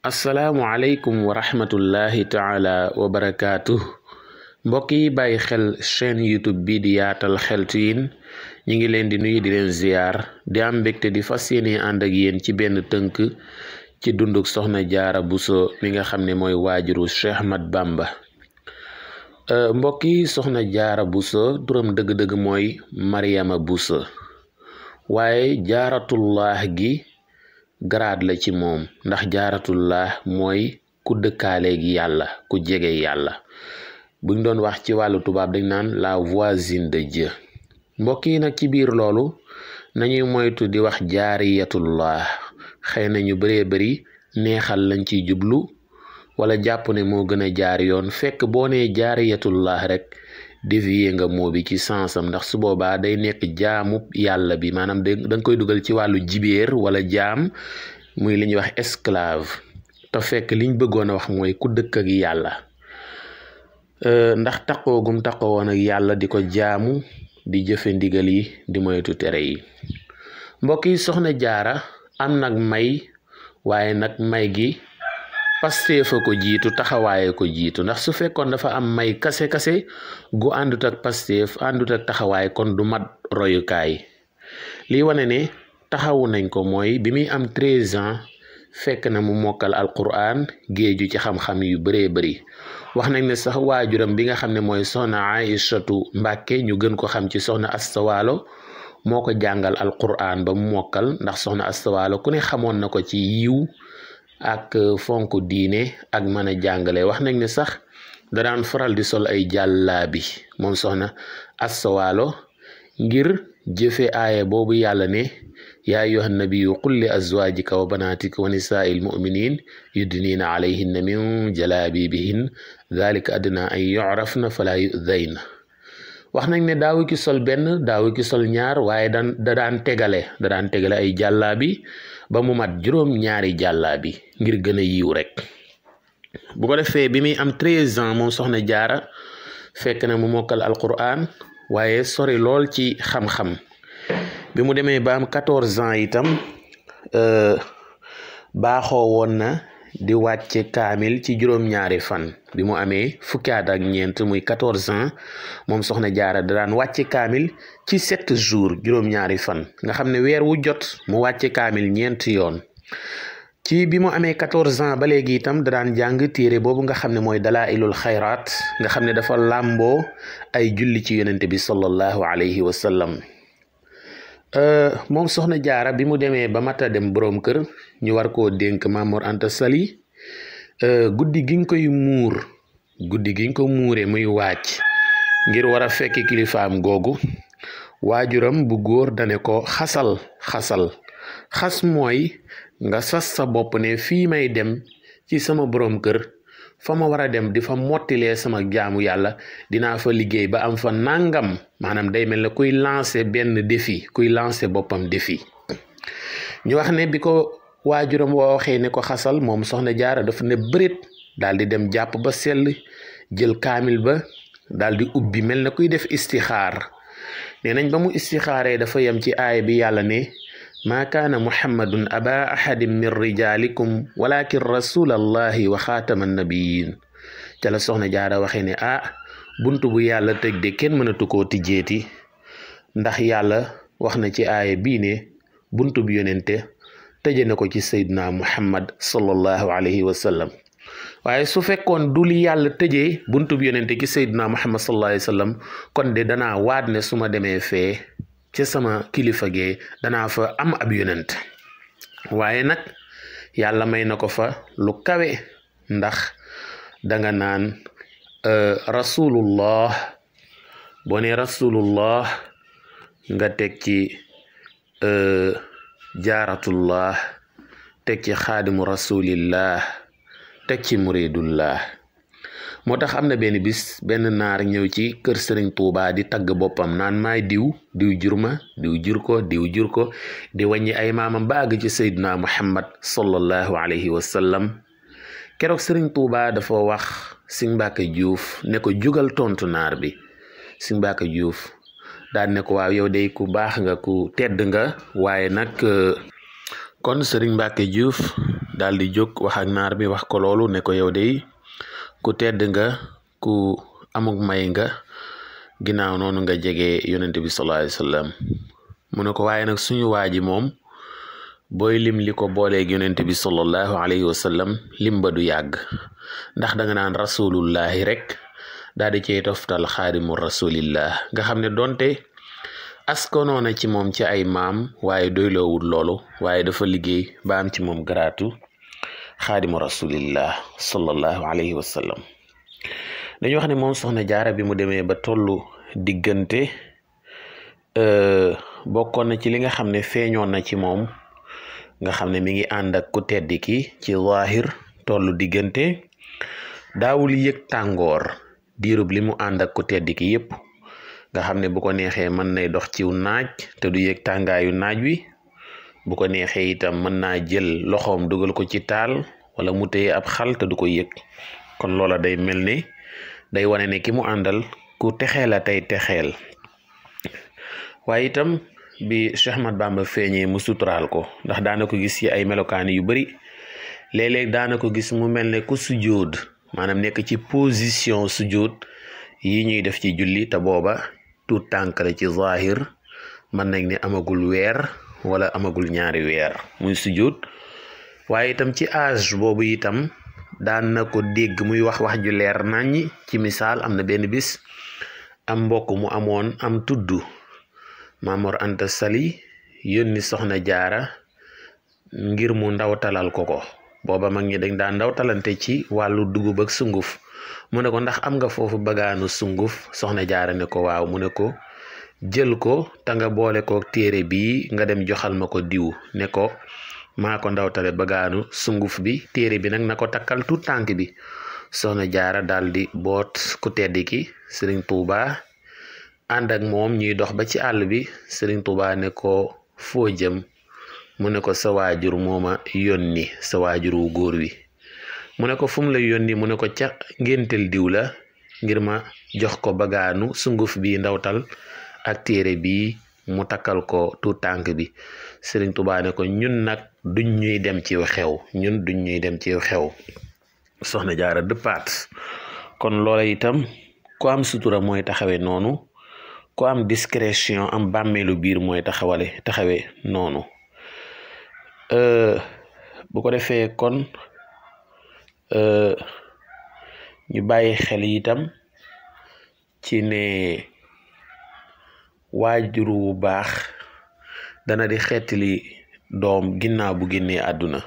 asalaamualeykum wa rahmatullahi taala wa barakaatu mbokk yi bàyyi xel chaîne youtube bi di yaatal xeltu yin ñu ngi leen di nuyu di leen ziyaar di am mbégte di fas yéene ànd ak yéen ci benn tënk ci dunduk soxna jaara buso mi nga xam ne mooy waajuru Cheikh mat Bamba euh, mbokk yi soxna jaara buso turam dëgg-dëgg mooy Mariama buso waaye jaaratullah gi garaad la ci moom ndax jaaratullah mooy ku dëkkaaleeg yàlla ku jege yàlla buñ doon wax ci wàllu tubaab dañ naan la voisine de Dieu mbokk yi nag ci biir loolu nañuy moytu di wax jaariyatullah xëy na ñu bëree bari neexal lañ ciy jublu wala jàpp ne moo gën a jaar yoon fekk boo nee jaariyatullah rekk dévier nga moo bi ci sansam ndax su boobaa day nekk jaamu yàlla bi maanaam da nga koy dugal ci wàllu jibéer wala jaam muy li ñuy wax esclave te fekk liñ bëggoon a wax mooy ku dëkk ak yàlla euh, ndax taqoogum taqoowoon ak yàlla di ko jaamu di jëfe ndigal yi di moytu tere yi mbokk yi soxna jaara am nag may waaye nag may gi Pastef a ko jiitu taxawaaye ko jiitu ndax su fekkoon dafa am may kase kase gu àndut ak Pastef àndut ak taxawaay kon du mat royukaay lii wane ne taxawu nañ ko mooy bi muy am treize ans fekk na mu mokkal alquran géeju ci xam-xam yu bëree bëri wax nañ ne sax waajuram bi nga xam ne mooy soxna Aïchatu Mbàkke ñu gën ko xam ci soxna Astawaalo moo ko jàngal alquran ba mu mokkal ndax soxna Astawaalo ku ne xamoon na ko ci yiw ak euh, fonk diine ak mën a jàngale wax nañ ne sax da faral di sol ay jàllaabi moom soxna assawaalo ngir jëfe aaya boobu yàlla ne yaa ayyuhan nabiyyu qul li azwaajika wa banaatika wa nisaa'il mu'miniin yudniina alayhinna min jalaabibihin dhalika an yu'rafna falaa yu'dayna wax nañ ne daawu ki sol benn daawu ki sol ñaar waaye daan da daan tegale da daan tegale ay jàllaabi ba mu mat juróom ñaari jàllaabi ngir gën a yiw rek bu ko defee bi muy am treize ans moom soxna jaara fekk na mu mokkal alquran waaye sori lool ci xam-xam bi mu demee ba am quatorze ans itam euh, baaxoo woon na di wàcce kaamil ci juróom-ñaari fan bi mu amee fukki at ak ñeent muy quatorze ans moom soxna jaara da daan wàcce kaamil ci sept jours juróom-ñaari fan nga xam ne weer wu jot mu wàcce kaamil ñeent yoon ci bi mu amee quatorze ans ba léegi itam da daan jàng téere boobu nga xam ne mooy dalaa ilul xayraat nga xam ne dafa làmboo ay julli ci yonente bi sallallahu alayhi wa sallam Euh, moom soxna jaara bi mu demee ba mata dem boroom kër ñu war koo dénk Mamor Anta Sali euh, guddi giñ koy muur guddi giñ ko muuree muy waaj ngir war a fekki kilifaam googu waajuram bu góor dane ko xasal xasal xas mooy nga sas sa bopp ne fii may dem ci sama boroom kër fa ma war a dem di fa mottilee sama jaamu yàlla dinaa fa liggéey ba am fa nangam maanaam day mel na kuy lancer benn défi kuy lancer boppam défi ñu wax ne bi ko waajuram woo waxee ne ko xasal moom soxna jaara dafa ne bërit daal di dem jàpp ba sell jël kaamil ba daal di ubbi mel na kuy def istixaar nee nañ ba mu istixaaree dafa yem ci aay bi yàlla ne maa kaana muhammadun aba ahadin min rijalikum walakin rasulallahi wa xaatama nabiyin ca la soxna jaara waxee ne ah bunt bu yàlla tëj de kenn mënatu koo tijjeeti ndax yàlla wax na ci aaya bii ne bunt bu yonente tëje na ko ci sayduna muhammad sallallahu alayhi wa sallam waaye su fekkoon du li yàlla tëjee bunt bu yonente ci sayduna muhammad sallallahu alayhi kon de dana waat ne su ma demee fee ca sama kilifa gee danaa fa am ab yonent waaye nag yàlla may na ko fa lu kawe ndax danga naan euh, rasulullah boo ne nga teg ci euh, jaaratullah teg ci xaadimu rasulillah teg ci muridullah moo tax am na benn bis benn naar ñëw ci kër sëriñ Touba di tagg boppam naan may diw diw jur ma diw jur ko diw jur ko di wàññi ay maam ba àgg ci Seydina Muhammad sallallahu alayhi wa sallam keroog sëriñ Touba dafoo wax Sëñ Mbàkke Juuf ne ko jugal tontu naar bi Sëñ Juuf daan ne ko waaw yow day ku baax nga ku tedd nga waaye nag kon sëriñ Mbàkke Juuf daal di jóg wax ak naar bi wax ko loolu ne ko yow day ku tedd nga ku amug may nga ginnaaw noonu nga jege yonent bi sallallahu alayhi wa sallam mu ne ko waaye nag suñu waa ji moom booy lim li ko booleeg yonent bi sallallahu alayhi wa sallam lim ba du yàgg ndax danga naan rasulullahi rek daal di cey toftal xaadimu rasulillah nga xam ne donte askanoona ci moom ci ay maam waaye doyloowul loolu waaye dafa liggéey ba am ci moom xaadimu rasulillah sallallahu alayhi wa sallam dañu wax ne moom soxna jaara bi mu demee ba tollu diggante euh, bokkoon na ci li nga xam ne feeñoon na ci moom nga xam ne mi ngi ànd ak ku tedd ci zahir tollu diggante daawul yëg tàngoor diirub li mu ànd ak ku tedd yépp nga xam ne bu ko neexee mën nay dox ciw naaj te du yëg tàngaayu naaj wi bu ko neexee itam mën naa jël loxoom dugal ko ci taal wala mu téye ab xal te du ko yëg kon loola day mel ni day wane ne ki mu àndal ku texeel a tey texeel waaye itam bi Cheikh Ahmad Bamba feeñee mu suturaal ko ndax daana ko gis ci ay melokaan yu bari léeg-léeg daana ko gis mu mel ne ku sujjóot maanaam nekk ci position sujjóot yi ñuy def ci julli te booba tuut tànk la ci zahir mën nañ ne amagul weer wala amagul ñaari weer muy sujjóot waaye itam ci âge boobu itam daan na ko dégg muy wax wax ju leer naññi ci misaal am na benn bis am mbokk mu amoon am tudd Mamor Anta Sali yónni soxna jaara ngir mu ndaw talal ko ko booba mag ñi dañ ndaw talante ci wàllu dugub ak sunguf mu ne ko ndax am nga foofu bagaanu sunguf soxna jaara ne ko waaw mu ne ko jël ko tanga boole ko téere bi nga dem joxal ma ko diw ne ko maa ndawtale bagaanu sunguf bi téere bi nag na ko takkal tout tànk bi soxna jaara daal di boot ku tedd ki sëriñ tuuba ànd moom ñuy dox ba ci àll bi sëriñ tuuba ne ko foo jëm mu ne ko sa waajur mooma yónni sa waajur wu góor wi mu ne ko fu mu la yónni mu ne ko caq ngéntel diw la ngir ma jox ko bagaanu sunguf bi ndawtal ak téere bi mu takkal ko tu tànk bi sëriñ Tuubaa ko ñun nag duñ ñuy dem ci xew ñun duñ ñuy dem ci xew soxna jaara dëppaat kon loola itam ku am sutura mooy taxawe noonu ku am discrétion am bàmmeelu biir mooy taxawale taxawe noonu euh, bu ko defee kon euh, ñu bàyyi xel itam ci ne waajur wu baax dana di xeetili doom ginaaw bu génnee àdduna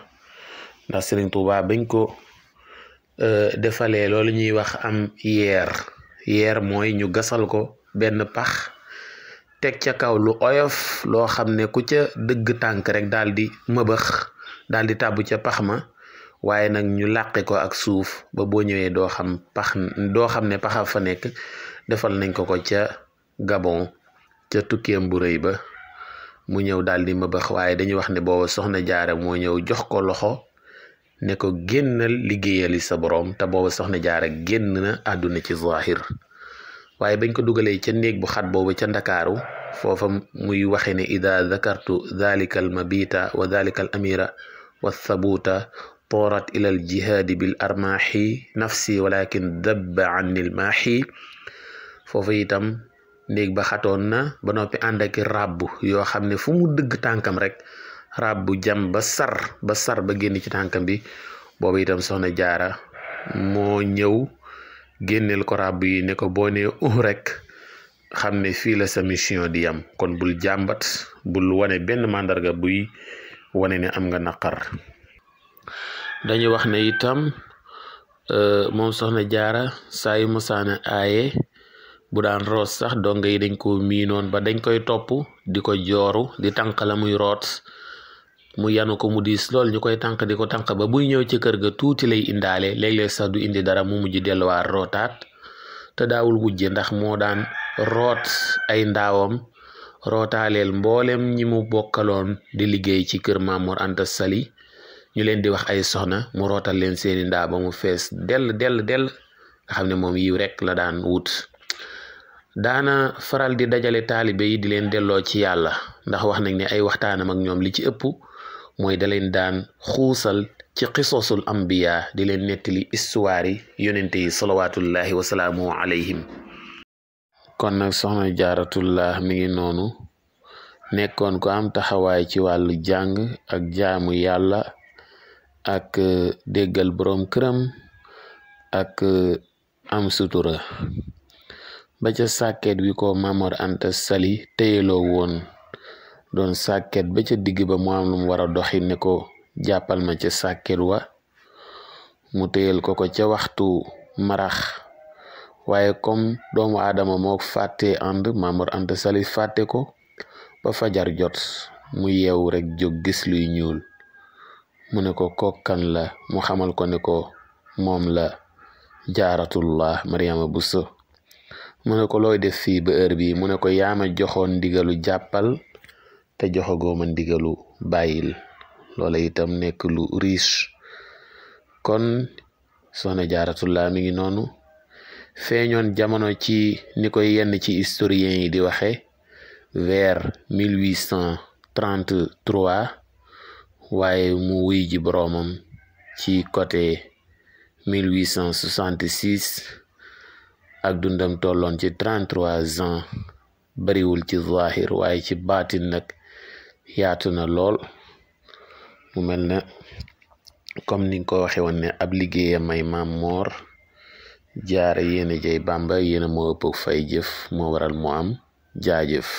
ndax Sëriñ Tuubaa bañ ko e, defalee loolu ñuy wax am yeer yeer mooy ñu gasal ko benn pax teg ca kaw lu oyof loo xam ne ku ca dëgg tànk rek daal di mëbëx daal di tàbbu ca pax ma waaye nag ñu làqe ko ak suuf ba boo ñëwee doo xam pax doo xam ne paxa fa nekk defal nañ ko ko ca Gabon ca tukkeem bu rëy ba mu ñëw daal di mëbax waaye dañuy wax ne booba soxna jaara moo ñëw jox ko loxo ne ko génnal liggéeyali sa boroom te booba soxna jaara génn na àdduna ci zahir waaye bañ ko dugalee ca néeg bu xat boobu ca ndakaaru foofa muy waxe ne ida dakartu dalika al mabita wa dalika al amira wa thabuta toorat ila jihaadi bil armaaxi nafsi walakin dabba anni al foofa itam néeg ba xatoon na ba noppi ànd ak ràbbu yoo xam ne fu mu dëgg tànkam rek ràbbu jam ba sar ba sar ba génn ci tànkam bi boobu itam soxna jaara moo ñëw génneel ko ràbb yi ne ko boo nee uh rek xam ne fii la sa mission di yam kon bul jàmbat bul wane benn màndarga buy wane ne am nga naqar dañu wax ne itam euh, moom soxna jaara saa yu musaana aaye bu daan root sax donga yi dañ koo miinoon ba dañ koy topp di ko jooru di tànq la muy root mu yanu ko mu diis lool ñu koy tànq di ko tànq ba buy ñëw ci kër ga tuuti lay indaale léeg-léeg sax du indi dara mu mujj delluwaat rootaat te daawul wujje ndax moo daan root ay ndaawam rootaaleel mboolem ñi mu bokkaloon di liggéey ci kër Mamour Anta Sali ñu leen di wax ay soxna mu rootal leen seeni ndaa ba mu fees dell dell dell nga xam ne moom yiw rekk la daan wut daana faral di dajale taalibe di leen delloo ci yàlla ndax wax nañ ne ay waxtaanam ak ñoom li ci ëpp mooy da leen daan xuusal ci xisosul ambiya di leen nettali histoire yi yonente yi salawaatullahi wasalaamu kon nag soxna jaaratullah mi ngi noonu nekkoon ko am taxawaay ci wàllu jàng ak jaamu yàlla ak euh, déggal boroom këram ak euh, am sutura ba ca sàkket wi ko Mamor Anta Sali téyeloo woon doon sàkket ba ca digg ba mu am lu war a doxi ne ko jàppal ma ca sàkket wa mu téyel ko ko ca waxtu marax waaye comme doomu aadama moo fàtte ànd Mamor Anta Sali fàtte ko ba fajar jot mu yeewu rek jóg gis luy ñuul mu ne ko kokkan la mu xamal ko ne ko moom la jaaratullah Mariama Bousso mu ne ko looy def fii ba heure bii mu ne ko yaama joxoon ndigalu jàppal te joxagoo ma ndigalu bàyyil loola itam nekk lu riche kon soxna jaaratullaa mi ngi noonu feeñoon jamono ci ni koy yenn ci historien yi di waxe vers 1833 waaye mu wuy ji boroomam ci côté 1866 ak dundam tolloon ci 33 ans bariwul ci zahir waaye ci baatin nag yaatu na lool mu mel ne comme ni nga ko waxe woon ne ab liggéeyam ay maam moor jaare yéen a jëy bàmba yéen moo ëpp fay jëf moo waral mu am jaajëf